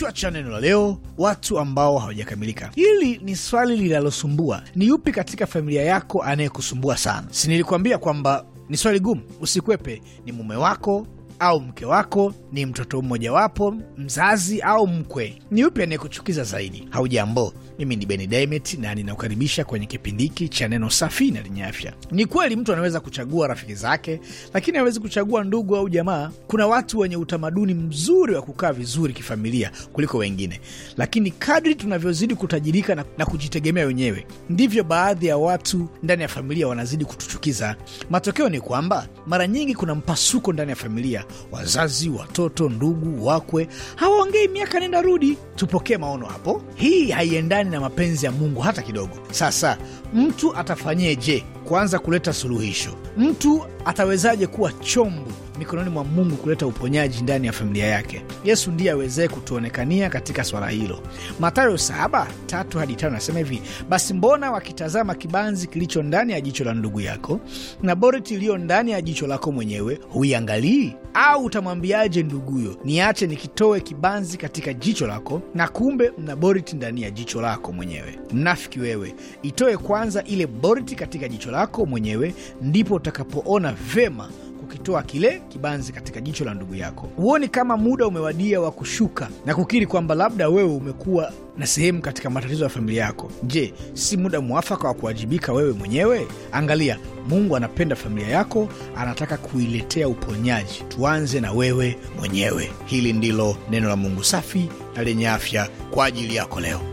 Kichwa cha neno la leo, watu ambao hawajakamilika. Hili ni swali linalosumbua. Ni yupi katika familia yako anayekusumbua sana? Si nilikuambia kwamba ni swali gumu? Usikwepe, ni mume wako au mke wako, ni mtoto mmojawapo, mzazi au mkwe? Ni upi anayekuchukiza zaidi? Haujambo, mimi ni Beni Dimet na ninakukaribisha kwenye kipindi hiki cha neno safi na lenye afya. Ni kweli mtu anaweza kuchagua rafiki zake, lakini hawezi kuchagua ndugu au jamaa. Kuna watu wenye utamaduni mzuri wa kukaa vizuri kifamilia kuliko wengine, lakini kadri tunavyozidi kutajirika na, na kujitegemea wenyewe, ndivyo baadhi ya watu ndani ya familia wanazidi kutuchukiza. Matokeo ni kwamba mara nyingi kuna mpasuko ndani ya familia Wazazi, watoto, ndugu, wakwe hawaongei miaka nenda rudi. Tupokee maono hapo. Hii haiendani na mapenzi ya Mungu hata kidogo. Sasa mtu atafanyeje? Kwanza kuleta suluhisho. Mtu atawezaje kuwa chombo mikononi mwa Mungu kuleta uponyaji ndani ya familia yake. Yesu ndiye awezee kutuonekania katika swala hilo. Mathayo 7:3 hadi 5 anasema hivi: basi mbona wakitazama kibanzi kilicho ndani ya jicho la ndugu yako na boriti iliyo ndani ya jicho lako mwenyewe huiangalii? Au utamwambiaje nduguyo, niache nikitoe kibanzi katika jicho lako, na kumbe mna boriti ndani ya jicho lako mwenyewe? Mnafiki wewe, itoe kwanza ile boriti katika jicho lako mwenyewe, ndipo utakapoona vema ukitoa kile kibanzi katika jicho la ndugu yako, huoni kama muda umewadia wa kushuka na kukiri kwamba labda wewe umekuwa na sehemu katika matatizo ya familia yako? Je, si muda mwafaka wa kuwajibika wewe mwenyewe? Angalia, Mungu anapenda familia yako, anataka kuiletea uponyaji. Tuanze na wewe mwenyewe. Hili ndilo neno la Mungu safi na lenye afya kwa ajili yako leo.